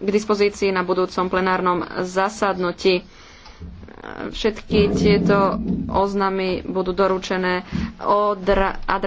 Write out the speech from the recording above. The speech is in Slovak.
k dispozícii na budúcom plenárnom zasadnutí. Všetky tieto oznamy budú doručené od